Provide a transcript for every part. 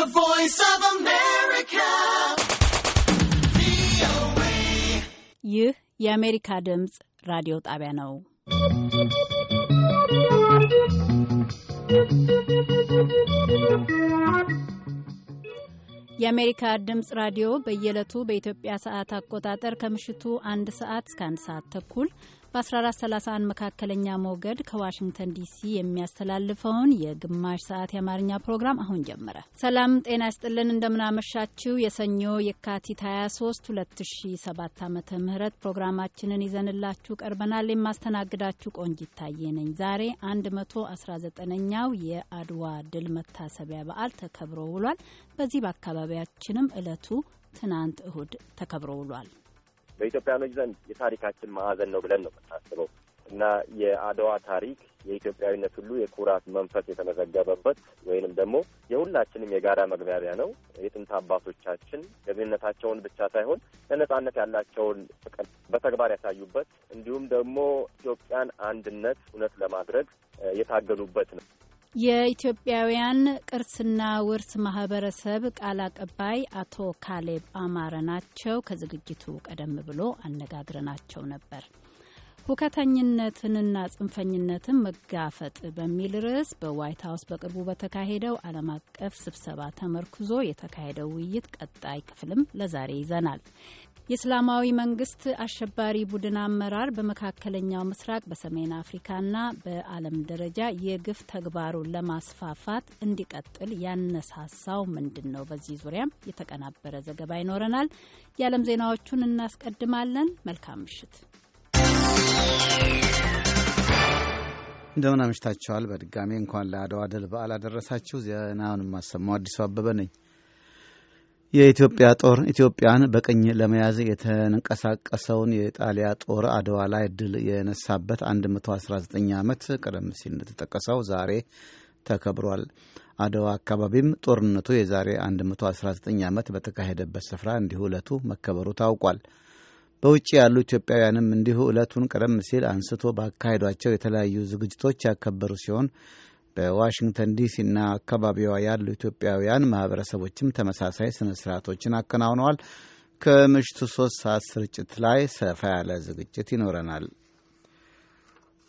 The Voice of America. ይህ የአሜሪካ ድምፅ ራዲዮ ጣቢያ ነው። የአሜሪካ ድምፅ ራዲዮ በየዕለቱ በኢትዮጵያ ሰዓት አቆጣጠር ከምሽቱ አንድ ሰዓት እስከ አንድ ሰዓት ተኩል በ1431 መካከለኛ ሞገድ ከዋሽንግተን ዲሲ የሚያስተላልፈውን የግማሽ ሰዓት የአማርኛ ፕሮግራም አሁን ጀመረ። ሰላም ጤና ይስጥልን፣ እንደምናመሻችው የሰኞ የካቲት 23 2007 ዓመተ ምህረት ፕሮግራማችንን ይዘንላችሁ ቀርበናል። የማስተናግዳችሁ ቆንጅ ይታየ ነኝ። ዛሬ 119ኛው የአድዋ ድል መታሰቢያ በዓል ተከብሮ ውሏል። በዚህ በአካባቢያችንም እለቱ ትናንት እሁድ ተከብሮ ውሏል። በኢትዮጵያኖች ዘንድ የታሪካችን ማዕዘን ነው ብለን ነው የምናስበው እና የአድዋ ታሪክ የኢትዮጵያዊነት ሁሉ የኩራት መንፈስ የተመዘገበበት ወይንም ደግሞ የሁላችንም የጋራ መግባቢያ ነው። የጥንት አባቶቻችን ገቢነታቸውን ብቻ ሳይሆን ለነጻነት ያላቸውን ፍቅር በተግባር ያሳዩበት እንዲሁም ደግሞ ኢትዮጵያን አንድነት እውነት ለማድረግ የታገሉበት ነው። የኢትዮጵያውያን ቅርስና ውርስ ማህበረሰብ ቃል አቀባይ አቶ ካሌብ አማረ ናቸው። ከዝግጅቱ ቀደም ብሎ አነጋግረናቸው ነበር። ሁከተኝነትንና ጽንፈኝነትን መጋፈጥ በሚል ርዕስ በዋይት ሀውስ በቅርቡ በተካሄደው ዓለም አቀፍ ስብሰባ ተመርክዞ የተካሄደው ውይይት ቀጣይ ክፍልም ለዛሬ ይዘናል። የእስላማዊ መንግስት አሸባሪ ቡድን አመራር በመካከለኛው ምስራቅ በሰሜን አፍሪካና በዓለም ደረጃ የግፍ ተግባሩን ለማስፋፋት እንዲቀጥል ያነሳሳው ምንድን ነው? በዚህ ዙሪያም የተቀናበረ ዘገባ ይኖረናል። የዓለም ዜናዎቹን እናስቀድማለን። መልካም ምሽት እንደምን አምሽታችኋል። በድጋሚ እንኳን ለአድዋ ድል በዓል አደረሳችሁ። ዜናውን የማሰማው አዲሱ አበበ ነኝ። የኢትዮጵያ ጦር ኢትዮጵያን በቅኝ ለመያዝ የተንቀሳቀሰውን የጣሊያ ጦር አድዋ ላይ ድል የነሳበት 119 ዓመት ቀደም ሲል እንደተጠቀሰው ዛሬ ተከብሯል። አድዋ አካባቢም ጦርነቱ የዛሬ 119 ዓመት በተካሄደበት ስፍራ እንዲሁ ዕለቱ መከበሩ ታውቋል። በውጭ ያሉ ኢትዮጵያውያንም እንዲሁ ዕለቱን ቀደም ሲል አንስቶ ባካሄዷቸው የተለያዩ ዝግጅቶች ያከበሩ ሲሆን በዋሽንግተን ዲሲ እና አካባቢዋ ያሉ ኢትዮጵያውያን ማህበረሰቦችም ተመሳሳይ ስነ ስርዓቶችን አከናውነዋል። ከምሽቱ ሶስት ሰዓት ስርጭት ላይ ሰፋ ያለ ዝግጅት ይኖረናል።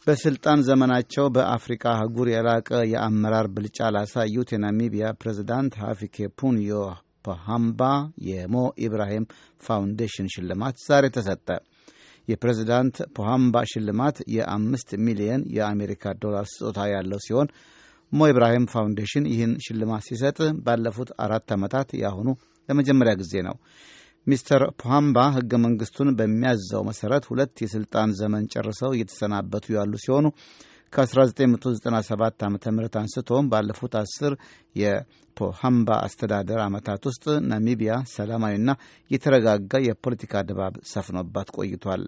በስልጣን ዘመናቸው በአፍሪካ አህጉር የላቀ የአመራር ብልጫ ላሳዩት የናሚቢያ ፕሬዝዳንት ፑንዮ ፖሃምባ የሞ ኢብራሂም ፋውንዴሽን ሽልማት ዛሬ ተሰጠ። የፕሬዝዳንት ፖሃምባ ሽልማት የአምስት ሚሊየን የአሜሪካ ዶላር ስጦታ ያለው ሲሆን ሞ ኢብራሂም ፋውንዴሽን ይህን ሽልማት ሲሰጥ ባለፉት አራት ዓመታት የአሁኑ ለመጀመሪያ ጊዜ ነው። ሚስተር ፖሃምባ ሕገ መንግሥቱን በሚያዘው መሠረት ሁለት የሥልጣን ዘመን ጨርሰው እየተሰናበቱ ያሉ ሲሆኑ ከ1997 ዓ ም አንስቶም ባለፉት አስር የፖሃምባ አስተዳደር ዓመታት ውስጥ ናሚቢያ ሰላማዊና የተረጋጋ የፖለቲካ ድባብ ሰፍኖባት ቆይቷል።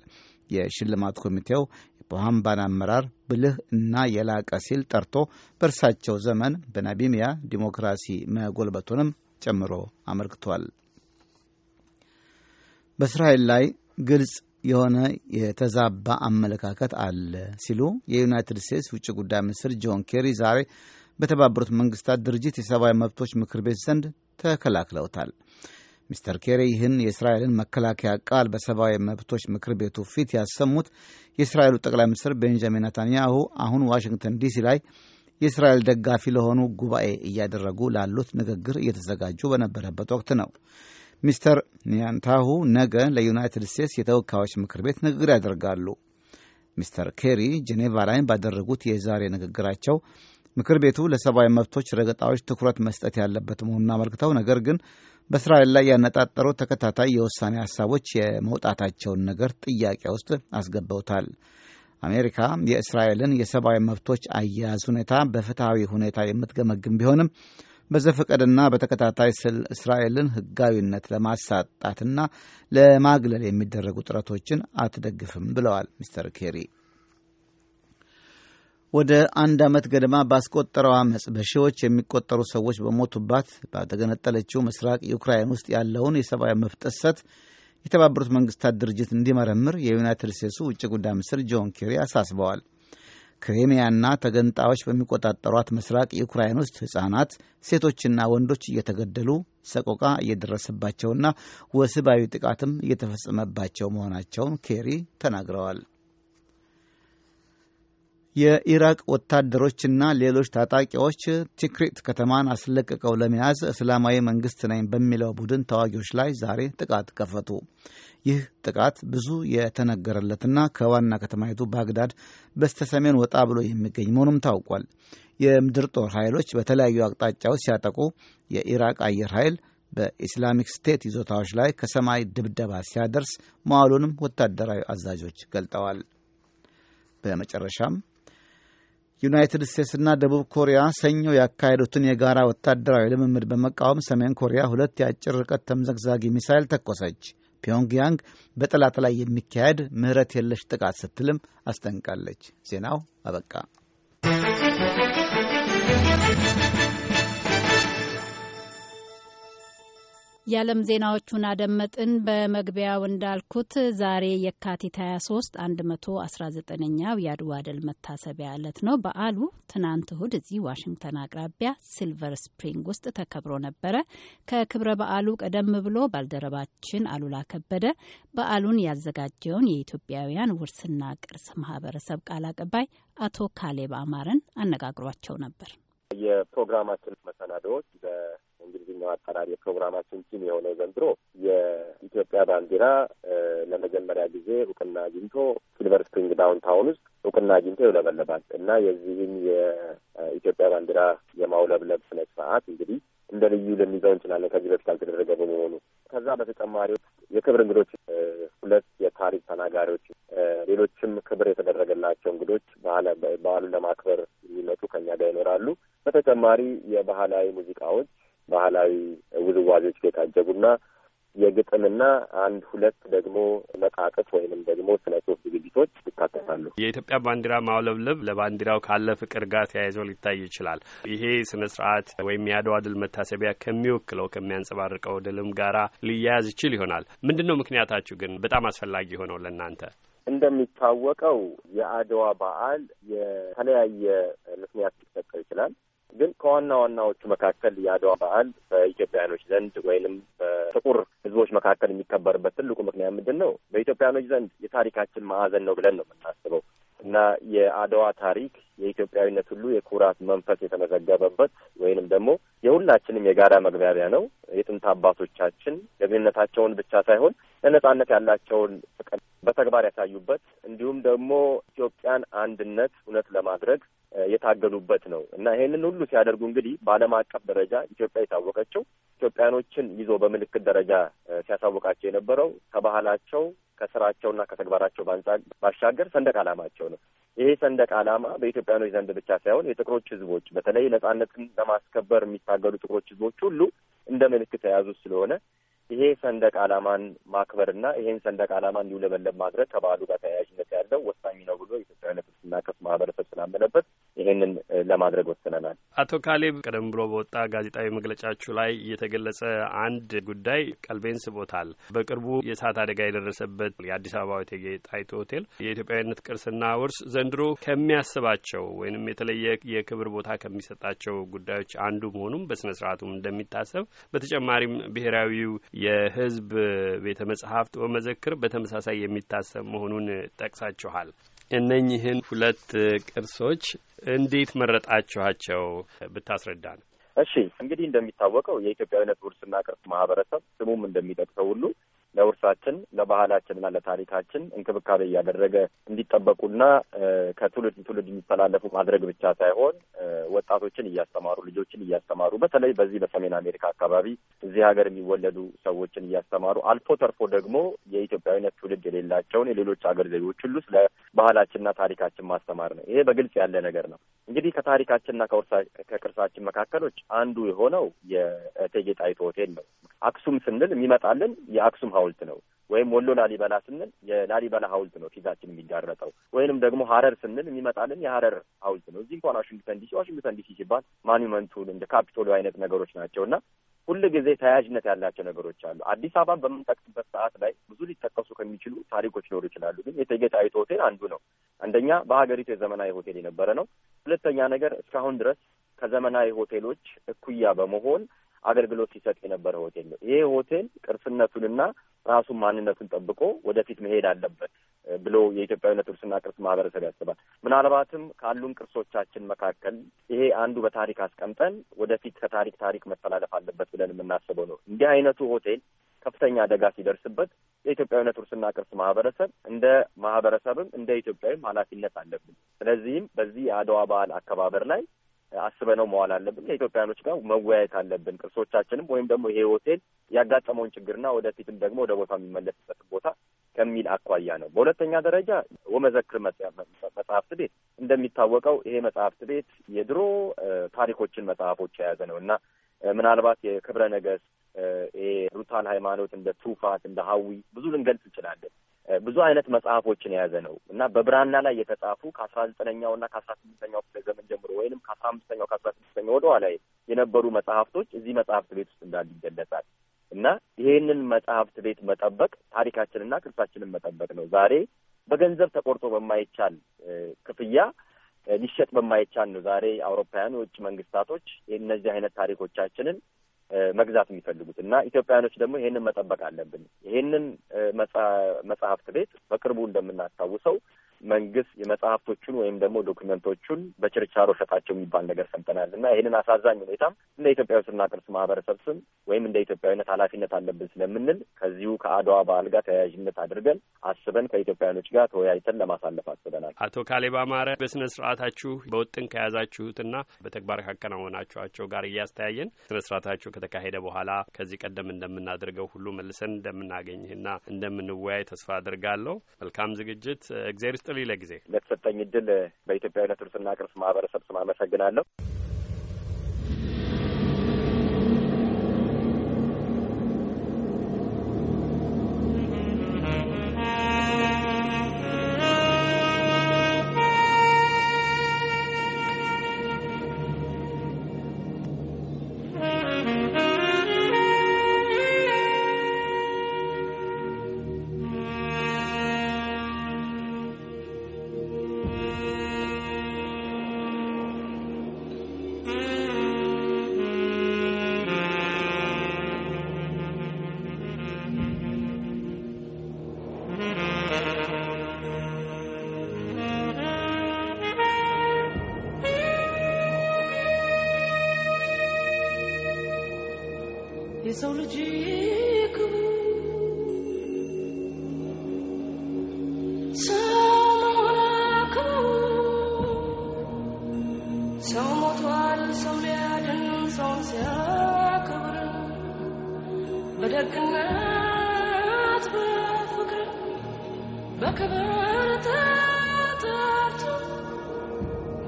የሽልማት ኮሚቴው በዋምባን አመራር ብልህ እና የላቀ ሲል ጠርቶ በእርሳቸው ዘመን በናሚቢያ ዲሞክራሲ መጎልበቱንም ጨምሮ አመልክቷል። በእስራኤል ላይ ግልጽ የሆነ የተዛባ አመለካከት አለ ሲሉ የዩናይትድ ስቴትስ ውጭ ጉዳይ ሚኒስትር ጆን ኬሪ ዛሬ በተባበሩት መንግስታት ድርጅት የሰብአዊ መብቶች ምክር ቤት ዘንድ ተከላክለውታል። ሚስተር ኬሪ ይህን የእስራኤልን መከላከያ ቃል በሰብአዊ መብቶች ምክር ቤቱ ፊት ያሰሙት የእስራኤሉ ጠቅላይ ሚኒስትር ቤንጃሚን ነታንያሁ አሁን ዋሽንግተን ዲሲ ላይ የእስራኤል ደጋፊ ለሆኑ ጉባኤ እያደረጉ ላሉት ንግግር እየተዘጋጁ በነበረበት ወቅት ነው። ሚስተር ኒያንታሁ ነገ ለዩናይትድ ስቴትስ የተወካዮች ምክር ቤት ንግግር ያደርጋሉ። ሚስተር ኬሪ ጄኔቫ ላይ ባደረጉት የዛሬ ንግግራቸው ምክር ቤቱ ለሰብአዊ መብቶች ረገጣዎች ትኩረት መስጠት ያለበት መሆኑን አመልክተው ነገር ግን በእስራኤል ላይ ያነጣጠሩ ተከታታይ የውሳኔ ሀሳቦች የመውጣታቸውን ነገር ጥያቄ ውስጥ አስገብተውታል። አሜሪካ የእስራኤልን የሰብአዊ መብቶች አያያዝ ሁኔታ በፍትሐዊ ሁኔታ የምትገመግም ቢሆንም በዘፈቀድና በተከታታይ ስል እስራኤልን ሕጋዊነት ለማሳጣትና ለማግለል የሚደረጉ ጥረቶችን አትደግፍም ብለዋል ሚስተር ኬሪ። ወደ አንድ ዓመት ገደማ ባስቆጠረው ዓመፅ በሺዎች የሚቆጠሩ ሰዎች በሞቱባት ባልተገነጠለችው ምስራቅ ዩክራይን ውስጥ ያለውን የሰብአዊ መብት ጥሰት የተባበሩት መንግስታት ድርጅት እንዲመረምር የዩናይትድ ስቴትሱ ውጭ ጉዳይ ሚኒስትር ጆን ኬሪ አሳስበዋል። ክሬሚያና ተገንጣዮች በሚቆጣጠሯት ምስራቅ ዩክራይን ውስጥ ሕፃናት፣ ሴቶችና ወንዶች እየተገደሉ ሰቆቃ እየደረሰባቸውና ወሲባዊ ጥቃትም እየተፈጸመባቸው መሆናቸውን ኬሪ ተናግረዋል። የኢራቅ ወታደሮችና ሌሎች ታጣቂዎች ቲክሪት ከተማን አስለቅቀው ለመያዝ እስላማዊ መንግስት ነኝ በሚለው ቡድን ተዋጊዎች ላይ ዛሬ ጥቃት ከፈቱ። ይህ ጥቃት ብዙ የተነገረለትና ከዋና ከተማይቱ ባግዳድ በስተሰሜን ወጣ ብሎ የሚገኝ መሆኑም ታውቋል። የምድር ጦር ኃይሎች በተለያዩ አቅጣጫዎች ሲያጠቁ የኢራቅ አየር ኃይል በኢስላሚክ ስቴት ይዞታዎች ላይ ከሰማይ ድብደባ ሲያደርስ መዋሉንም ወታደራዊ አዛዦች ገልጠዋል። በመጨረሻም ዩናይትድ ስቴትስና ደቡብ ኮሪያ ሰኞ ያካሄዱትን የጋራ ወታደራዊ ልምምድ በመቃወም ሰሜን ኮሪያ ሁለት የአጭር ርቀት ተምዘግዛጊ ሚሳይል ተኮሰች። ፒዮንግያንግ በጠላት ላይ የሚካሄድ ምህረት የለሽ ጥቃት ስትልም አስጠንቃለች። ዜናው አበቃ። የዓለም ዜናዎቹን አደመጥን። በመግቢያው እንዳልኩት ዛሬ የካቲት 23 119ኛው የአድዋ ድል መታሰቢያ ዕለት ነው። በዓሉ ትናንት እሁድ እዚህ ዋሽንግተን አቅራቢያ ሲልቨር ስፕሪንግ ውስጥ ተከብሮ ነበረ። ከክብረ በዓሉ ቀደም ብሎ ባልደረባችን አሉላ ከበደ በዓሉን ያዘጋጀውን የኢትዮጵያውያን ውርስና ቅርስ ማህበረሰብ ቃል አቀባይ አቶ ካሌብ አማረን አነጋግሯቸው ነበር። የፕሮግራማችን መሰናዶዎች በእንግሊዝኛው አጠራር የፕሮግራማችን ቲም የሆነው ዘንድሮ የኢትዮጵያ ባንዲራ ለመጀመሪያ ጊዜ እውቅና አግኝቶ ሲልቨር ስፕሪንግ ዳውንታውን ውስጥ እውቅና አግኝቶ ይውለበለባል እና የዚህም የኢትዮጵያ ባንዲራ የማውለብለብ ስነ ስርዓት እንግዲህ እንደ ልዩ ልንይዘው እንችላለን ከዚህ በፊት አልተደረገ በመሆኑ ከዛ በተጨማሪ የክብር እንግዶች ሁለት የታሪክ ተናጋሪዎች ሌሎችም ክብር የተደረገላቸው እንግዶች በዓሉን ለማክበር የሚመጡ ከኛ ጋር ይኖራሉ። በተጨማሪ የባህላዊ ሙዚቃዎች ባህላዊ ውዝዋዜዎች የታጀቡና የግጥምና አንድ ሁለት ደግሞ መጣጥፍ ወይንም ደግሞ ስነ ጽሁፍ ዝግጅቶች ይካተታሉ። የኢትዮጵያ ባንዲራ ማውለብለብ ለባንዲራው ካለ ፍቅር ጋር ተያይዞ ሊታይ ይችላል። ይሄ ስነ ስርዓት ወይም የአድዋ ድል መታሰቢያ ከሚወክለው ከሚያንጸባርቀው ድልም ጋራ ሊያያዝ ይችል ይሆናል። ምንድን ነው ምክንያታችሁ ግን በጣም አስፈላጊ የሆነው ለእናንተ? እንደሚታወቀው የአድዋ በዓል የተለያየ ምክንያት ሊሰጥ ከዋና ዋናዎቹ መካከል የአድዋ በዓል በኢትዮጵያኖች ዘንድ ወይንም በጥቁር ህዝቦች መካከል የሚከበርበት ትልቁ ምክንያት ምንድን ነው? በኢትዮጵያኖች ዘንድ የታሪካችን ማዕዘን ነው ብለን ነው የምናስበው እና የአድዋ ታሪክ የኢትዮጵያዊነት ሁሉ የኩራት መንፈስ የተመዘገበበት ወይንም ደግሞ የሁላችንም የጋራ መግባቢያ ነው። የጥንት አባቶቻችን ጀግንነታቸውን ብቻ ሳይሆን ለነጻነት ያላቸውን ፍቅር በተግባር ያሳዩበት እንዲሁም ደግሞ ኢትዮጵያን አንድነት እውነት ለማድረግ የታገሉበት ነው እና ይሄንን ሁሉ ሲያደርጉ እንግዲህ በዓለም አቀፍ ደረጃ ኢትዮጵያ የታወቀችው ኢትዮጵያኖችን ይዞ በምልክት ደረጃ ሲያሳውቃቸው የነበረው ከባህላቸው ከስራቸውና ከተግባራቸው ባሻገር ሰንደቅ ዓላማቸው ነው። ይሄ ሰንደቅ ዓላማ በኢትዮጵያኖች ዘንድ ብቻ ሳይሆን የጥቁሮች ህዝቦች በተለይ ነጻነትን ለማስከበር የሚታገሉ ጥቁሮች ህዝቦች ሁሉ እንደ ምልክት የያዙ ስለሆነ ይሄ ሰንደቅ ዓላማን ማክበርና ይሄን ሰንደቅ ዓላማ እንዲውለበለብ ማድረግ ከበዓሉ ጋር ተያያዥነት ያለው ወሳኝ ነው ብሎ የኢትዮጵያ ንፍስና ማህበረሰብ ለማድረግ ወስነናል። አቶ ካሌብ ቀደም ብሎ በወጣ ጋዜጣዊ መግለጫችሁ ላይ የተገለጸ አንድ ጉዳይ ቀልቤን ስቦታል። በቅርቡ የእሳት አደጋ የደረሰበት የአዲስ አበባ ሆቴል ሆቴል የኢትዮጵያዊነት ቅርስና ውርስ ዘንድሮ ከሚያስባቸው ወይንም የተለየ የክብር ቦታ ከሚሰጣቸው ጉዳዮች አንዱ መሆኑም በስነ ስርአቱም እንደሚታሰብ በተጨማሪም ብሔራዊው የህዝብ ቤተ መጽሐፍት ወመዘክር በተመሳሳይ የሚታሰብ መሆኑን ጠቅሳችኋል። እነኚህን ሁለት ቅርሶች እንዴት መረጣችኋቸው ብታስረዳ ነው። እሺ እንግዲህ እንደሚታወቀው የኢትዮጵያዊነት ውርስና ቅርስ ማህበረሰብ ስሙም እንደሚጠቅሰው ሁሉ ለውርሳችን፣ ለባህላችንና ለታሪካችን እንክብካቤ እያደረገ እንዲጠበቁና ከትውልድ ትውልድ የሚተላለፉ ማድረግ ብቻ ሳይሆን ወጣቶችን እያስተማሩ ልጆችን እያስተማሩ በተለይ በዚህ በሰሜን አሜሪካ አካባቢ እዚህ ሀገር የሚወለዱ ሰዎችን እያስተማሩ አልፎ ተርፎ ደግሞ የኢትዮጵያዊነት ትውልድ የሌላቸውን የሌሎች ሀገር ዜጎች ሁሉ ስለ ባህላችንና ታሪካችን ማስተማር ነው። ይሄ በግልጽ ያለ ነገር ነው። እንግዲህ ከታሪካችንና ከቅርሳችን መካከሎች አንዱ የሆነው የእቴጌ ጣይቱ ሆቴል ነው። አክሱም ስንል የሚመጣልን የአክሱም ሀውልት ነው ወይም ወሎ ላሊበላ ስንል የላሊበላ ሀውልት ነው ፊታችን የሚጋረጠው። ወይንም ደግሞ ሀረር ስንል የሚመጣልን የሀረር ሀውልት ነው። እዚህ እንኳን ዋሽንግተን ዲሲ ዋሽንግተን ዲሲ ሲባል ማኒመንቱን እንደ ካፒቶሉ አይነት ነገሮች ናቸው እና ሁል ጊዜ ተያያዥነት ያላቸው ነገሮች አሉ። አዲስ አበባን በምንጠቅስበት ሰዓት ላይ ብዙ ሊጠቀሱ ከሚችሉ ታሪኮች ሊኖሩ ይችላሉ። ግን የእቴጌ ጣይቱ ሆቴል አንዱ ነው። አንደኛ በሀገሪቱ የዘመናዊ ሆቴል የነበረ ነው። ሁለተኛ ነገር እስካሁን ድረስ ከዘመናዊ ሆቴሎች እኩያ በመሆን አገልግሎት ሲሰጥ የነበረ ሆቴል ነው። ይሄ ሆቴል ቅርስነቱንና ራሱን ማንነቱን ጠብቆ ወደፊት መሄድ አለበት ብሎ የኢትዮጵያዊነት ውርስና ቅርስ ማህበረሰብ ያስባል። ምናልባትም ካሉን ቅርሶቻችን መካከል ይሄ አንዱ በታሪክ አስቀምጠን ወደፊት ከታሪክ ታሪክ መተላለፍ አለበት ብለን የምናስበው ነው። እንዲህ አይነቱ ሆቴል ከፍተኛ አደጋ ሲደርስበት የኢትዮጵያዊነት ውርስና ቅርስ ማህበረሰብ እንደ ማህበረሰብም እንደ ኢትዮጵያዊም ኃላፊነት አለብን። ስለዚህም በዚህ የአድዋ በዓል አከባበር ላይ አስበነው መዋል አለብን። ከኢትዮጵያኖች ጋር መወያየት አለብን። ቅርሶቻችንም ወይም ደግሞ ይሄ ሆቴል ያጋጠመውን ችግርና ወደፊትም ደግሞ ወደ ቦታ የሚመለስበት ቦታ ከሚል አኳያ ነው። በሁለተኛ ደረጃ ወመዘክር መጽሐፍት ቤት እንደሚታወቀው ይሄ መጽሐፍት ቤት የድሮ ታሪኮችን መጽሐፎች የያዘ ነው እና ምናልባት የክብረ ነገስት ይሄ ሩታል ሃይማኖት እንደ ትሩፋት እንደ ሀዊ ብዙ ልንገልጽ እንችላለን። ብዙ አይነት መጽሐፎችን የያዘ ነው እና በብራና ላይ የተጻፉ ከአስራ ዘጠነኛው እና ከአስራ ስምንተኛው ክፍለ ዘመን ጀምሮ ወይንም ከአስራ አምስተኛው ከአስራ ስድስተኛው ወደ ኋላ የነበሩ መጽሐፍቶች እዚህ መጽሐፍት ቤት ውስጥ እንዳሉ ይገለጻል እና ይሄንን መጽሐፍት ቤት መጠበቅ ታሪካችንና ቅርሳችንን መጠበቅ ነው። ዛሬ በገንዘብ ተቆርጦ በማይቻል ክፍያ ሊሸጥ በማይቻል ነው ዛሬ አውሮፓውያን የውጭ መንግስታቶች እነዚህ አይነት ታሪኮቻችንን መግዛት የሚፈልጉት እና ኢትዮጵያውያኖች ደግሞ ይሄንን መጠበቅ አለብን። ይሄንን መጽሐፍት ቤት በቅርቡ እንደምናስታውሰው መንግስት የመጽሐፍቶቹን ወይም ደግሞ ዶክመንቶቹን በችርቻሮ ሸጣቸው የሚባል ነገር ሰምተናል እና ይህንን አሳዛኝ ሁኔታም እንደ ኢትዮጵያዊ ስና ቅርስ ማህበረሰብ ስም ወይም እንደ ኢትዮጵያዊነት ኃላፊነት አለብን ስለምንል ከዚሁ ከአድዋ በዓል ጋር ተያያዥነት አድርገን አስበን ከኢትዮጵያውያኖች ጋር ተወያይተን ለማሳለፍ አስበናል። አቶ ካሌብ አማረ በስነ ስርአታችሁ በውጥን ከያዛችሁትና በተግባር ካከናወናችኋቸው ጋር እያስተያየን ስነ ስርአታችሁ ከተካሄደ በኋላ ከዚህ ቀደም እንደምናደርገው ሁሉ መልሰን እንደምናገኝህና እንደምንወያይ ተስፋ አድርጋለሁ። መልካም ዝግጅት። እግዚአብሔር ይስጥልኝ ለጊዜ ለተሰጠኝ እድል በኢትዮጵያዊነት እርስና ቅርስ ማህበረሰብ ስም አመሰግናለሁ።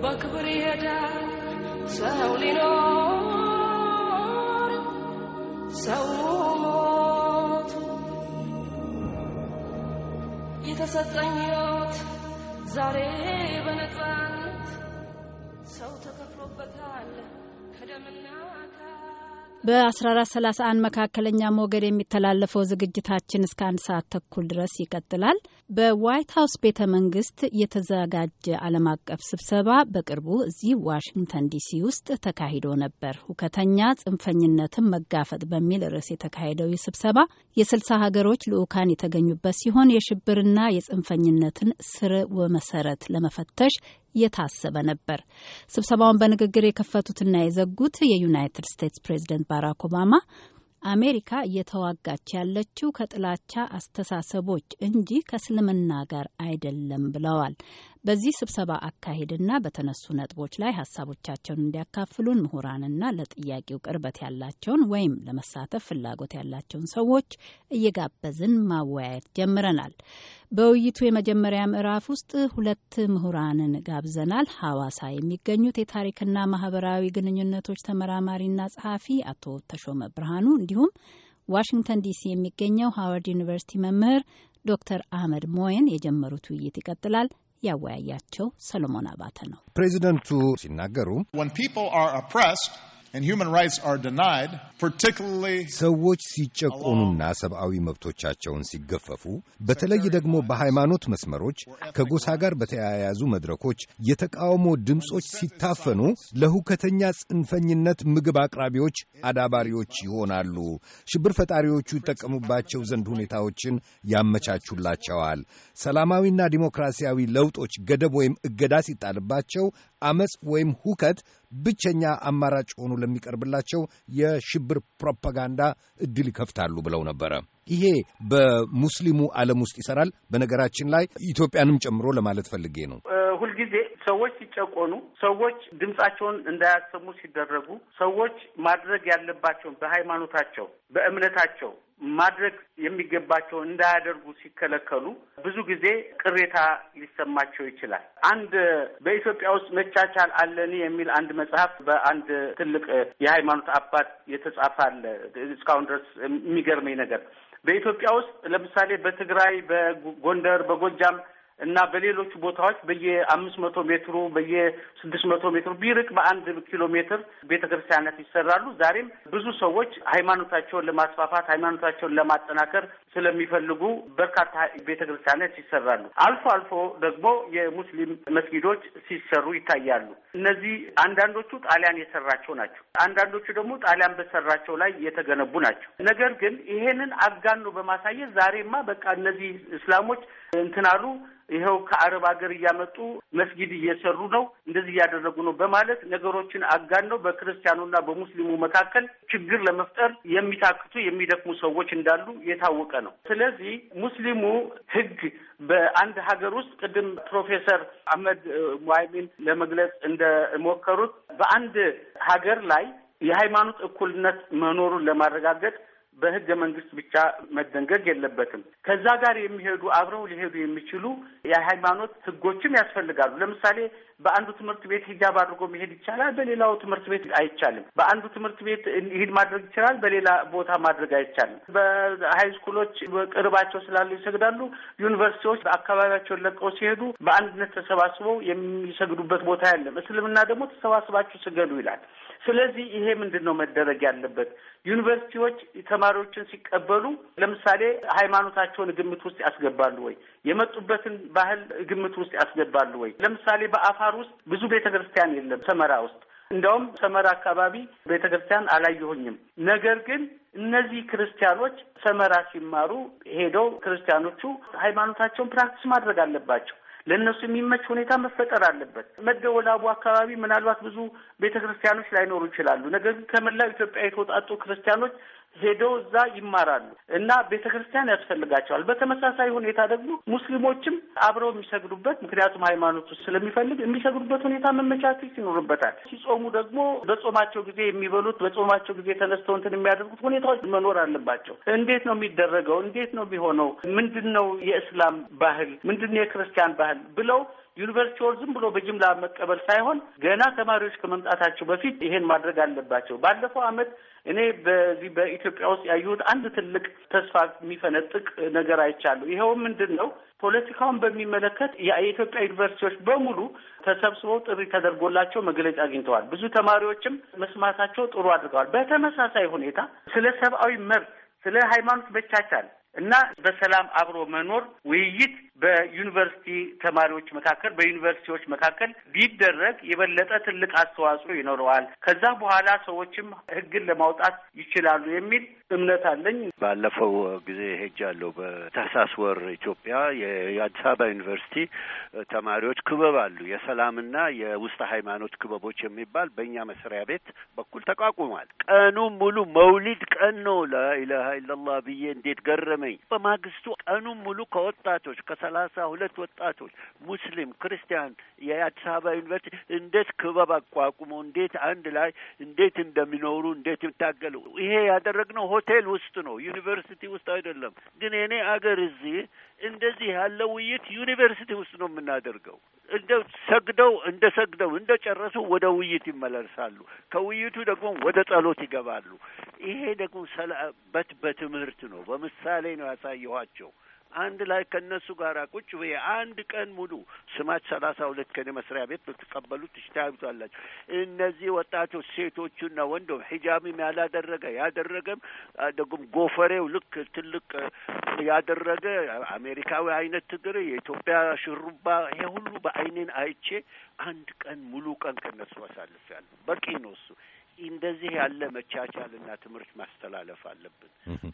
በክብር ይሄዳል ሰው ሊኖር ሰው ሞት የተሰጠኝ ዛሬ በነፃነት ሰው ተከፍሎበታል ከደምና በ1431 መካከለኛ ሞገድ የሚተላለፈው ዝግጅታችን እስከ አንድ ሰዓት ተኩል ድረስ ይቀጥላል። በዋይት ሀውስ ቤተ መንግስት የተዘጋጀ ዓለም አቀፍ ስብሰባ በቅርቡ እዚህ ዋሽንግተን ዲሲ ውስጥ ተካሂዶ ነበር። ሁከተኛ ጽንፈኝነትን መጋፈጥ በሚል ርዕስ የተካሄደው ይህ ስብሰባ የስልሳ ሀገሮች ልዑካን የተገኙበት ሲሆን የሽብርና የጽንፈኝነትን ስር ወመሰረት ለመፈተሽ የታሰበ ነበር። ስብሰባውን በንግግር የከፈቱትና የዘጉት የዩናይትድ ስቴትስ ፕሬዝደንት ባራክ ኦባማ አሜሪካ እየተዋጋች ያለችው ከጥላቻ አስተሳሰቦች እንጂ ከእስልምና ጋር አይደለም ብለዋል። በዚህ ስብሰባ አካሄድና በተነሱ ነጥቦች ላይ ሀሳቦቻቸውን እንዲያካፍሉን ምሁራንና ለጥያቄው ቅርበት ያላቸውን ወይም ለመሳተፍ ፍላጎት ያላቸውን ሰዎች እየጋበዝን ማወያየት ጀምረናል። በውይይቱ የመጀመሪያ ምዕራፍ ውስጥ ሁለት ምሁራንን ጋብዘናል። ሀዋሳ የሚገኙት የታሪክና ማህበራዊ ግንኙነቶች ተመራማሪና ጸሐፊ አቶ ተሾመ ብርሃኑ እንዲሁም ዋሽንግተን ዲሲ የሚገኘው ሃዋርድ ዩኒቨርሲቲ መምህር ዶክተር አህመድ ሞየን የጀመሩት ውይይት ይቀጥላል። ያወያያቸው ሰሎሞን አባተ ነው። ፕሬዚደንቱ ሲናገሩ ሰዎች ሲጨቆኑና ሰብአዊ መብቶቻቸውን ሲገፈፉ በተለይ ደግሞ በሃይማኖት መስመሮች ከጎሳ ጋር በተያያዙ መድረኮች የተቃውሞ ድምፆች ሲታፈኑ ለሁከተኛ ጽንፈኝነት ምግብ አቅራቢዎች፣ አዳባሪዎች ይሆናሉ። ሽብር ፈጣሪዎቹ ይጠቀሙባቸው ዘንድ ሁኔታዎችን ያመቻቹላቸዋል። ሰላማዊና ዲሞክራሲያዊ ለውጦች ገደብ ወይም እገዳ ሲጣልባቸው አመፅ ወይም ሁከት ብቸኛ አማራጭ ሆኑ ለሚቀርብላቸው የሽብር ፕሮፓጋንዳ እድል ይከፍታሉ ብለው ነበረ። ይሄ በሙስሊሙ ዓለም ውስጥ ይሰራል። በነገራችን ላይ ኢትዮጵያንም ጨምሮ ለማለት ፈልጌ ነው። ሁልጊዜ ሰዎች ሲጨቆኑ፣ ሰዎች ድምፃቸውን እንዳያሰሙ ሲደረጉ፣ ሰዎች ማድረግ ያለባቸውን በሃይማኖታቸው፣ በእምነታቸው፣ ማድረግ የሚገባቸው እንዳያደርጉ ሲከለከሉ ብዙ ጊዜ ቅሬታ ሊሰማቸው ይችላል። አንድ በኢትዮጵያ ውስጥ መቻቻል አለን የሚል አንድ መጽሐፍ በአንድ ትልቅ የሃይማኖት አባት የተጻፈ አለ። እስካሁን ድረስ የሚገርመኝ ነገር በኢትዮጵያ ውስጥ ለምሳሌ በትግራይ፣ በጎንደር፣ በጎጃም እና በሌሎች ቦታዎች በየአምስት መቶ ሜትሩ በየስድስት መቶ ሜትሩ ቢርቅ በአንድ ኪሎ ሜትር ቤተ ክርስቲያናት ይሰራሉ። ዛሬም ብዙ ሰዎች ሃይማኖታቸውን ለማስፋፋት ሃይማኖታቸውን ለማጠናከር ስለሚፈልጉ በርካታ ቤተ ክርስቲያናት ይሰራሉ። አልፎ አልፎ ደግሞ የሙስሊም መስጊዶች ሲሰሩ ይታያሉ። እነዚህ አንዳንዶቹ ጣሊያን የሰራቸው ናቸው። አንዳንዶቹ ደግሞ ጣሊያን በሰራቸው ላይ የተገነቡ ናቸው። ነገር ግን ይሄንን አጋኖ በማሳየት ዛሬማ በቃ እነዚህ እስላሞች እንትን አሉ ይኸው ከአረብ ሀገር እያመጡ መስጊድ እየሰሩ ነው፣ እንደዚህ እያደረጉ ነው በማለት ነገሮችን አጋን ነው በክርስቲያኑና በሙስሊሙ መካከል ችግር ለመፍጠር የሚታክቱ የሚደክሙ ሰዎች እንዳሉ የታወቀ ነው። ስለዚህ ሙስሊሙ ሕግ በአንድ ሀገር ውስጥ ቅድም ፕሮፌሰር አህመድ ሙሃይሚን ለመግለጽ እንደሞከሩት በአንድ ሀገር ላይ የሃይማኖት እኩልነት መኖሩን ለማረጋገጥ በህገ መንግስት ብቻ መደንገግ የለበትም። ከዛ ጋር የሚሄዱ አብረው ሊሄዱ የሚችሉ የሃይማኖት ህጎችም ያስፈልጋሉ። ለምሳሌ በአንዱ ትምህርት ቤት ሂጃብ አድርጎ መሄድ ይቻላል፣ በሌላው ትምህርት ቤት አይቻልም። በአንዱ ትምህርት ቤት ሂድ ማድረግ ይችላል፣ በሌላ ቦታ ማድረግ አይቻልም። በሃይስኩሎች ቅርባቸው ስላሉ ይሰግዳሉ። ዩኒቨርሲቲዎች አካባቢያቸውን ለቀው ሲሄዱ በአንድነት ተሰባስበው የሚሰግዱበት ቦታ የለም። እስልምና ደግሞ ተሰባስባችሁ ስገዱ ይላል። ስለዚህ ይሄ ምንድን ነው መደረግ ያለበት? ዩኒቨርሲቲዎች ተማሪዎችን ሲቀበሉ ለምሳሌ ሃይማኖታቸውን ግምት ውስጥ ያስገባሉ ወይ? የመጡበትን ባህል ግምት ውስጥ ያስገባሉ ወይ? ለምሳሌ በአፋር ውስጥ ብዙ ቤተ ክርስቲያን የለም። ሰመራ ውስጥ እንደውም ሰመራ አካባቢ ቤተ ክርስቲያን አላየሁኝም። ነገር ግን እነዚህ ክርስቲያኖች ሰመራ ሲማሩ ሄደው ክርስቲያኖቹ ሃይማኖታቸውን ፕራክቲስ ማድረግ አለባቸው። ለእነሱ የሚመች ሁኔታ መፈጠር አለበት። መደወላቡ አካባቢ ምናልባት ብዙ ቤተ ክርስቲያኖች ላይኖሩ ይችላሉ። ነገር ግን ከመላው ኢትዮጵያ የተወጣጡ ክርስቲያኖች ሄደው እዛ ይማራሉ እና ቤተ ክርስቲያን ያስፈልጋቸዋል። በተመሳሳይ ሁኔታ ደግሞ ሙስሊሞችም አብረው የሚሰግዱበት ምክንያቱም ሃይማኖቱ ስለሚፈልግ የሚሰግዱበት ሁኔታ መመቻቸት ይኖርበታል። ሲጾሙ ደግሞ በጾማቸው ጊዜ የሚበሉት በጾማቸው ጊዜ ተነስተው እንትን የሚያደርጉት ሁኔታዎች መኖር አለባቸው። እንዴት ነው የሚደረገው? እንዴት ነው የሚሆነው? ምንድን ነው የእስላም ባህል? ምንድን ነው የክርስቲያን ባህል ብለው ዩኒቨርሲቲዎች ዝም ብሎ በጅምላ መቀበል ሳይሆን ገና ተማሪዎች ከመምጣታቸው በፊት ይሄን ማድረግ አለባቸው። ባለፈው ዓመት እኔ በዚህ በኢትዮጵያ ውስጥ ያየሁት አንድ ትልቅ ተስፋ የሚፈነጥቅ ነገር አይቻለሁ። ይኸውም ምንድን ነው? ፖለቲካውን በሚመለከት የኢትዮጵያ ዩኒቨርሲቲዎች በሙሉ ተሰብስበው ጥሪ ተደርጎላቸው መግለጫ አግኝተዋል። ብዙ ተማሪዎችም መስማታቸው ጥሩ አድርገዋል። በተመሳሳይ ሁኔታ ስለ ሰብአዊ መብት፣ ስለ ሃይማኖት መቻቻል እና በሰላም አብሮ መኖር ውይይት በዩኒቨርሲቲ ተማሪዎች መካከል በዩኒቨርሲቲዎች መካከል ቢደረግ የበለጠ ትልቅ አስተዋጽኦ ይኖረዋል። ከዛ በኋላ ሰዎችም ህግን ለማውጣት ይችላሉ የሚል እምነት አለኝ። ባለፈው ጊዜ ሄጃለሁ። በታህሳስ ወር ኢትዮጵያ የአዲስ አበባ ዩኒቨርሲቲ ተማሪዎች ክበብ አሉ። የሰላምና የውስጥ ሃይማኖት ክበቦች የሚባል በእኛ መስሪያ ቤት በኩል ተቋቁሟል። ቀኑን ሙሉ መውሊድ ቀን ነው። ላኢላሀ ኢለላህ ብዬ እንዴት ገረመኝ። በማግስቱ ቀኑን ሙሉ ከወጣቶች ከሰላ ሰላሳ ሁለት ወጣቶች ሙስሊም፣ ክርስቲያን የአዲስ አበባ ዩኒቨርሲቲ እንዴት ክበብ አቋቁመው እንዴት አንድ ላይ እንዴት እንደሚኖሩ እንዴት ይታገሉ። ይሄ ያደረግነው ሆቴል ውስጥ ነው፣ ዩኒቨርሲቲ ውስጥ አይደለም። ግን የኔ አገር እዚህ እንደዚህ ያለ ውይይት ዩኒቨርሲቲ ውስጥ ነው የምናደርገው። እንደ ሰግደው እንደ ሰግደው እንደ ጨረሱ ወደ ውይይት ይመለሳሉ። ከውይይቱ ደግሞ ወደ ጸሎት ይገባሉ። ይሄ ደግሞ በት በትምህርት ነው፣ በምሳሌ ነው ያሳየኋቸው። አንድ ላይ ከእነሱ ጋር ቁጭ ብዬ አንድ ቀን ሙሉ ስማች ሰላሳ ሁለት ከኔ መስሪያ ቤት ልትቀበሉ ትችታዩታላችሁ። እነዚህ ወጣቶች ሴቶቹና ወንዶም ሂጃብም ያላደረገ ያደረገም ደግሞ ጎፈሬው ልክ ትልቅ ያደረገ አሜሪካዊ አይነት ትግር የኢትዮጵያ ሽሩባ ይሄ ሁሉ በአይኔን አይቼ አንድ ቀን ሙሉ ቀን ከነሱ አሳልፍ ያለ በቂ ነው እሱ እንደዚህ ያለ መቻቻልና ትምህርት ማስተላለፍ አለብን።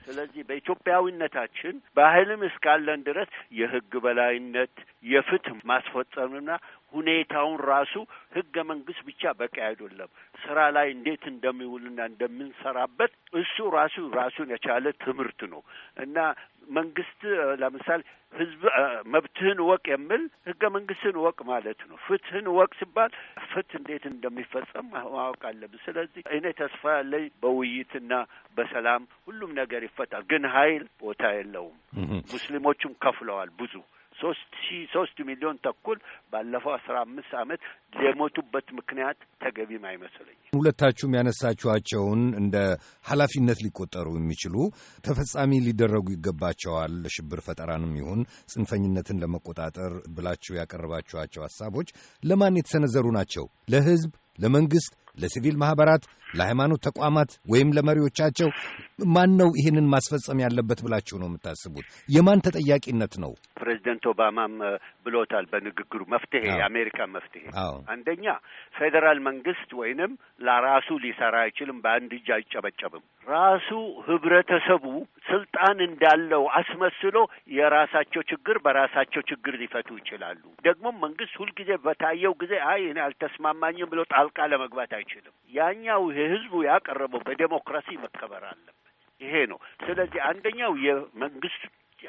ስለዚህ በኢትዮጵያዊነታችን ባህልም እስካለን ድረስ የህግ በላይነት የፍትህ ማስፈጸምና ሁኔታውን ራሱ ህገ መንግስት ብቻ በቂ አይደለም። ስራ ላይ እንዴት እንደሚውልና እንደምንሰራበት እሱ ራሱ ራሱን የቻለ ትምህርት ነው እና መንግስት ለምሳሌ ህዝብ መብትህን ወቅ የሚል ህገ መንግስትን ወቅ ማለት ነው። ፍትህን ወቅ ሲባል ፍትህ እንዴት እንደሚፈጸም ማወቅ አለብን። ስለዚህ እኔ ተስፋ ያለኝ በውይይትና በሰላም ሁሉም ነገር ይፈታል። ግን ሀይል ቦታ የለውም። ሙስሊሞቹም ከፍለዋል ብዙ ሶስት ሺ ሶስት ሚሊዮን ተኩል ባለፈው አስራ አምስት ዓመት የሞቱበት ምክንያት ተገቢም አይመስለኝም። ሁለታችሁም ያነሳችኋቸውን እንደ ኃላፊነት ሊቆጠሩ የሚችሉ ተፈጻሚ ሊደረጉ ይገባቸዋል። ለሽብር ፈጠራንም ይሁን ጽንፈኝነትን ለመቆጣጠር ብላችሁ ያቀረባችኋቸው ሀሳቦች ለማን የተሰነዘሩ ናቸው? ለህዝብ ለመንግሥት፣ ለሲቪል ማኅበራት፣ ለሃይማኖት ተቋማት ወይም ለመሪዎቻቸው ማን ነው ይህንን ማስፈጸም ያለበት ብላችሁ ነው የምታስቡት? የማን ተጠያቂነት ነው? ፕሬዚደንት ኦባማም ብሎታል በንግግሩ መፍትሄ፣ የአሜሪካ መፍትሄ አንደኛ ፌዴራል መንግስት ወይንም ለራሱ ሊሰራ አይችልም፣ በአንድ እጅ አይጨበጨብም። ራሱ ህብረተሰቡ ስልጣን እንዳለው አስመስሎ የራሳቸው ችግር በራሳቸው ችግር ሊፈቱ ይችላሉ። ደግሞ መንግስት ሁልጊዜ በታየው ጊዜ አይ እኔ አልተስማማኝም ብሎ ጣልቃ ለመግባት አይችልም። ያኛው የህዝቡ ያቀረበው በዴሞክራሲ መከበር አለበት። ይሄ ነው። ስለዚህ አንደኛው የመንግስት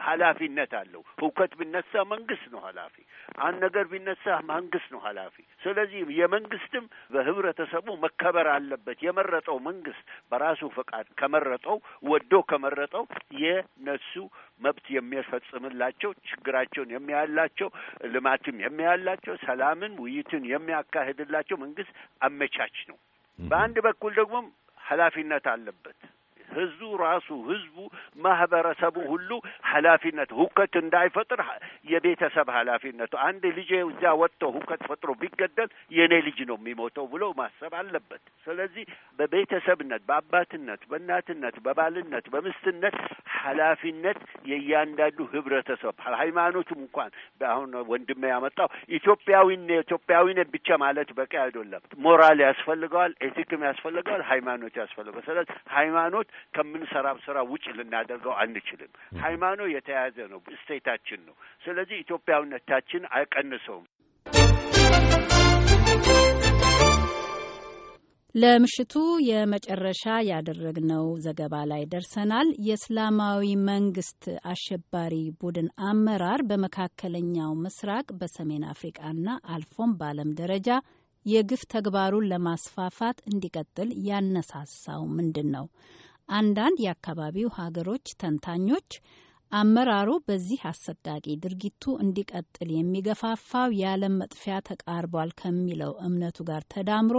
ኃላፊነት አለው። ህውከት ቢነሳ መንግስት ነው ኃላፊ። አንድ ነገር ቢነሳ መንግስት ነው ኃላፊ። ስለዚህ የመንግስትም በህብረተሰቡ መከበር አለበት። የመረጠው መንግስት በራሱ ፈቃድ ከመረጠው ወዶ ከመረጠው የነሱ መብት የሚፈጽምላቸው ችግራቸውን የሚያላቸው ልማትም የሚያላቸው ሰላምን፣ ውይይትን የሚያካሂድላቸው መንግስት አመቻች ነው። በአንድ በኩል ደግሞ ኃላፊነት አለበት። ህዝቡ ራሱ ህዝቡ ማህበረሰቡ ሁሉ ኃላፊነት ሁከት እንዳይፈጥር የቤተሰብ ኃላፊነቱ አንድ ልጅ እዚያ ወጥቶ ሁከት ፈጥሮ ቢገደል የእኔ ልጅ ነው የሚሞተው ብሎ ማሰብ አለበት። ስለዚህ በቤተሰብነት፣ በአባትነት፣ በእናትነት፣ በባልነት፣ በምስትነት ኃላፊነት የእያንዳንዱ ህብረተሰብ ሃይማኖትም እንኳን አሁን ወንድሜ ያመጣው ኢትዮጵያዊን ኢትዮጵያዊን ብቻ ማለት በቂ አይደለም። ሞራል ያስፈልገዋል፣ ኤቲክም ያስፈልገዋል፣ ሃይማኖት ያስፈልገዋል። ስለዚህ ሃይማኖት ከምንሰራው ስራ ውጭ ልናደርገው አንችልም። ሃይማኖ የተያዘ ነው፣ እስቴታችን ነው። ስለዚህ ኢትዮጵያዊነታችን አይቀንሰውም። ለምሽቱ የመጨረሻ ያደረግነው ዘገባ ላይ ደርሰናል። የእስላማዊ መንግስት አሸባሪ ቡድን አመራር በመካከለኛው ምስራቅ በሰሜን አፍሪቃና አልፎም በዓለም ደረጃ የግፍ ተግባሩን ለማስፋፋት እንዲቀጥል ያነሳሳው ምንድን ነው? አንዳንድ የአካባቢው ሀገሮች ተንታኞች አመራሩ በዚህ አሰቃቂ ድርጊቱ እንዲቀጥል የሚገፋፋው የዓለም መጥፊያ ተቃርቧል ከሚለው እምነቱ ጋር ተዳምሮ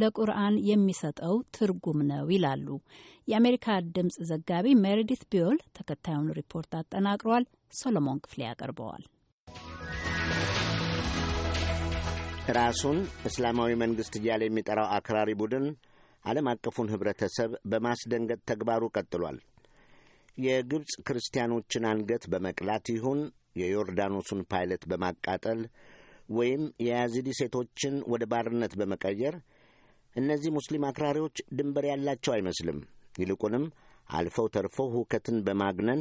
ለቁርአን የሚሰጠው ትርጉም ነው ይላሉ። የአሜሪካ ድምፅ ዘጋቢ ሜሪዲት ቢዮል ተከታዩን ሪፖርት አጠናቅሯል። ሶሎሞን ክፍሌ ያቀርበዋል። ራሱን እስላማዊ መንግስት እያለ የሚጠራው አክራሪ ቡድን ዓለም አቀፉን ኅብረተሰብ በማስደንገጥ ተግባሩ ቀጥሏል። የግብፅ ክርስቲያኖችን አንገት በመቅላት ይሁን የዮርዳኖሱን ፓይለት በማቃጠል ወይም የያዚዲ ሴቶችን ወደ ባርነት በመቀየር እነዚህ ሙስሊም አክራሪዎች ድንበር ያላቸው አይመስልም። ይልቁንም አልፈው ተርፈው ሁከትን በማግነን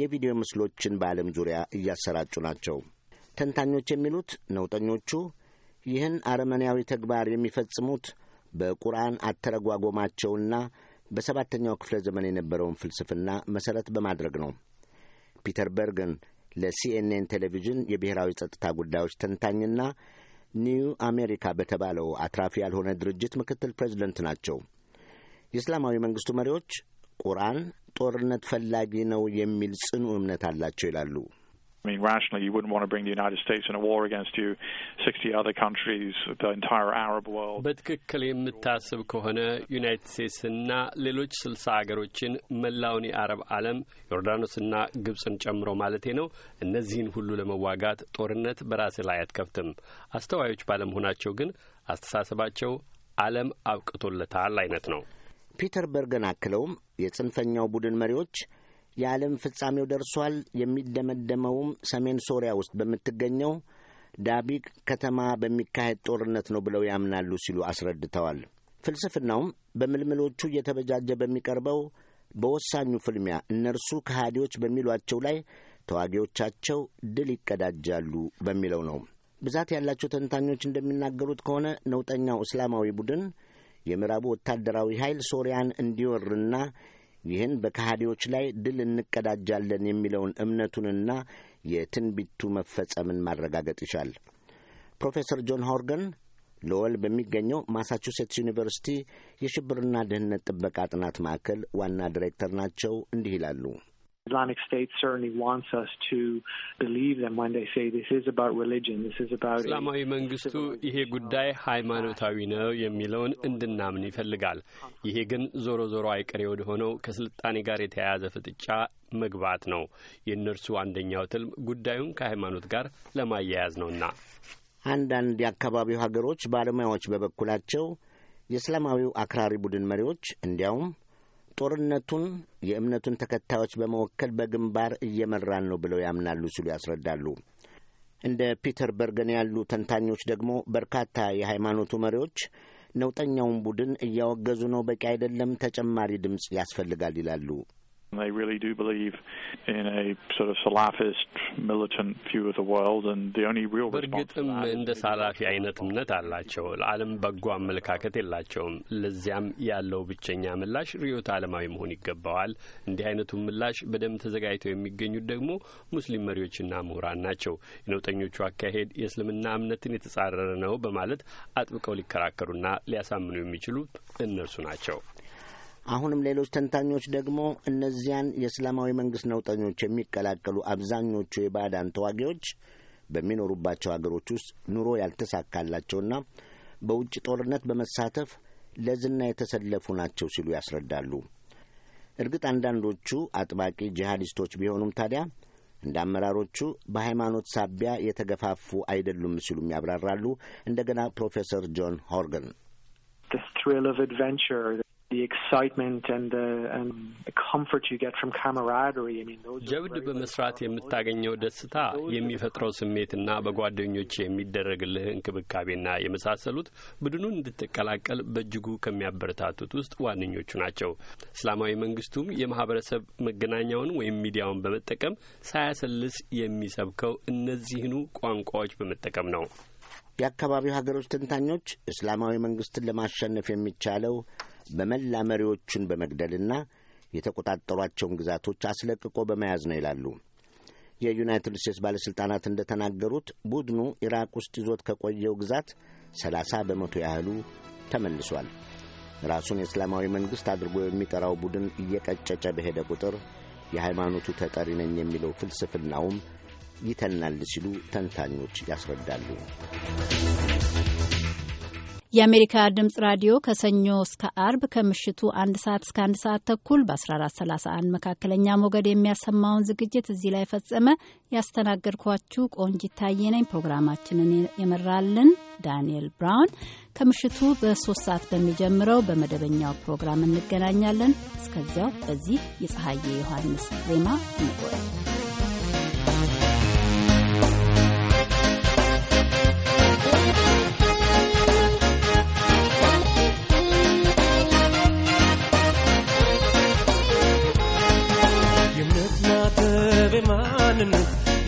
የቪዲዮ ምስሎችን በዓለም ዙሪያ እያሰራጩ ናቸው። ተንታኞች የሚሉት ነውጠኞቹ ይህን አረመኔያዊ ተግባር የሚፈጽሙት በቁርአን አተረጓጎማቸውና በሰባተኛው ክፍለ ዘመን የነበረውን ፍልስፍና መሠረት በማድረግ ነው። ፒተር በርገን ለሲኤንኤን ቴሌቪዥን የብሔራዊ ጸጥታ ጉዳዮች ተንታኝና ኒው አሜሪካ በተባለው አትራፊ ያልሆነ ድርጅት ምክትል ፕሬዚደንት ናቸው። የእስላማዊ መንግስቱ መሪዎች ቁርአን ጦርነት ፈላጊ ነው የሚል ጽኑ እምነት አላቸው ይላሉ። I mean, rationally, you wouldn't want to bring the United States in a war against you, 60 other countries, the entire Arab world. በትክክል የምታስብ ከሆነ ዩናይትድ ስቴትስና ሌሎች ስልሳ ሀገሮችን መላውን የአረብ ዓለም ዮርዳኖስና ግብጽን ጨምሮ ማለቴ ነው እነዚህን ሁሉ ለመዋጋት ጦርነት በራስ ላይ አትከፍትም። አስተዋዮች ባለመሆናቸው ግን አስተሳሰባቸው ዓለም አብቅቶለታል አይነት ነው። ፒተር በርገን አክለውም የጽንፈኛው ቡድን መሪዎች የዓለም ፍጻሜው ደርሷል። የሚደመደመውም ሰሜን ሶሪያ ውስጥ በምትገኘው ዳቢቅ ከተማ በሚካሄድ ጦርነት ነው ብለው ያምናሉ ሲሉ አስረድተዋል። ፍልስፍናውም በምልምሎቹ እየተበጃጀ በሚቀርበው በወሳኙ ፍልሚያ እነርሱ ከሃዲዎች በሚሏቸው ላይ ተዋጊዎቻቸው ድል ይቀዳጃሉ በሚለው ነው። ብዛት ያላቸው ተንታኞች እንደሚናገሩት ከሆነ ነውጠኛው እስላማዊ ቡድን የምዕራቡ ወታደራዊ ኃይል ሶሪያን እንዲወርና ይህን በከሃዲዎች ላይ ድል እንቀዳጃለን የሚለውን እምነቱንና የትንቢቱ መፈጸምን ማረጋገጥ ይሻል። ፕሮፌሰር ጆን ሆርገን ሎወል በሚገኘው ማሳቹሴትስ ዩኒቨርሲቲ የሽብርና ደህንነት ጥበቃ ጥናት ማዕከል ዋና ዲሬክተር ናቸው። እንዲህ ይላሉ። Islamic State certainly wants us to believe them when they say this is about religion, this is about እስላማዊ መንግስቱ ይሄ ጉዳይ ሃይማኖታዊ ነው የሚለውን እንድናምን ይፈልጋል። ይሄ ግን ዞሮ ዞሮ አይቀሬ ወደ ሆነው ከስልጣኔ ጋር የተያያዘ ፍጥጫ መግባት ነው። የእነርሱ አንደኛው ትልም ጉዳዩን ከሃይማኖት ጋር ለማያያዝ ነውና አንዳንድ የአካባቢው ሀገሮች ባለሙያዎች በበኩላቸው የእስላማዊው አክራሪ ቡድን መሪዎች እንዲያውም ጦርነቱን የእምነቱን ተከታዮች በመወከል በግንባር እየመራን ነው ብለው ያምናሉ ሲሉ ያስረዳሉ። እንደ ፒተር በርገን ያሉ ተንታኞች ደግሞ በርካታ የሃይማኖቱ መሪዎች ነውጠኛውን ቡድን እያወገዙ ነው፣ በቂ አይደለም፣ ተጨማሪ ድምፅ ያስፈልጋል ይላሉ። They really do believe in a sort of Salafist militant view of the world and the only real በእርግጥም እንደ ሳላፊ አይነት እምነት አላቸው። ለዓለም በጎ አመለካከት የላቸውም። ለዚያም ያለው ብቸኛ ምላሽ ርዕዮተ ዓለማዊ መሆን ይገባዋል። እንዲህ አይነቱ ምላሽ በደንብ ተዘጋጅተው የሚገኙት ደግሞ ሙስሊም መሪዎችና ምሁራን ናቸው። የነውጠኞቹ አካሄድ የእስልምና እምነትን የተጻረረ ነው በማለት አጥብቀው ሊከራከሩና ሊያሳምኑ የሚችሉ እነርሱ ናቸው። አሁንም ሌሎች ተንታኞች ደግሞ እነዚያን የእስላማዊ መንግስት ነውጠኞች የሚቀላቀሉ አብዛኞቹ የባዕዳን ተዋጊዎች በሚኖሩባቸው አገሮች ውስጥ ኑሮ ያልተሳካላቸውና በውጭ ጦርነት በመሳተፍ ለዝና የተሰለፉ ናቸው ሲሉ ያስረዳሉ። እርግጥ አንዳንዶቹ አጥባቂ ጂሃዲስቶች ቢሆኑም ታዲያ እንደ አመራሮቹ በሃይማኖት ሳቢያ የተገፋፉ አይደሉም ሲሉም ያብራራሉ። እንደገና ፕሮፌሰር ጆን ሆርገን ጀብድ በመስራት የምታገኘው ደስታ የሚፈጥረው ስሜትና በጓደኞች የሚደረግልህ እንክብካቤና የመሳሰሉት ቡድኑን እንድትቀላቀል በእጅጉ ከሚያበረታቱት ውስጥ ዋነኞቹ ናቸው። እስላማዊ መንግስቱም የማህበረሰብ መገናኛውን ወይም ሚዲያውን በመጠቀም ሳያሰልስ የሚሰብከው እነዚህኑ ቋንቋዎች በመጠቀም ነው። የአካባቢው ሀገሮች ተንታኞች እስላማዊ መንግስትን ለማሸነፍ የሚቻለው በመላ መሪዎቹን በመግደልና የተቆጣጠሯቸውን ግዛቶች አስለቅቆ በመያዝ ነው ይላሉ። የዩናይትድ ስቴትስ ባለሥልጣናት እንደተናገሩት ቡድኑ ኢራቅ ውስጥ ይዞት ከቆየው ግዛት 30 በመቶ ያህሉ ተመልሷል። ራሱን የእስላማዊ መንግሥት አድርጎ የሚጠራው ቡድን እየቀጨጨ በሄደ ቁጥር የሃይማኖቱ ተጠሪ ነኝ የሚለው ፍልስፍናውም ይተናል ሲሉ ተንታኞች ያስረዳሉ። የአሜሪካ ድምጽ ራዲዮ ከሰኞ እስከ አርብ ከምሽቱ አንድ ሰዓት እስከ አንድ ሰዓት ተኩል በ1431 መካከለኛ ሞገድ የሚያሰማውን ዝግጅት እዚህ ላይ ፈጸመ። ያስተናገድኳችሁ ቆንጂት ታየ ነኝ። ፕሮግራማችንን የመራልን ዳንኤል ብራውን። ከምሽቱ በሶስት ሰዓት በሚጀምረው በመደበኛው ፕሮግራም እንገናኛለን። እስከዚያው በዚህ የፀሐዬ ዮሐንስ ዜማ እንቆያል።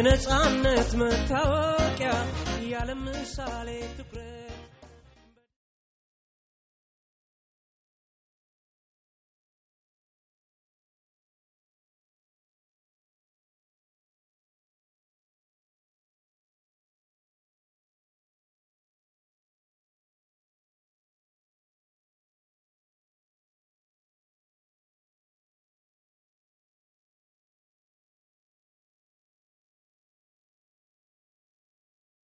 የነፃነት መታወቂያ ያለ ምሳሌ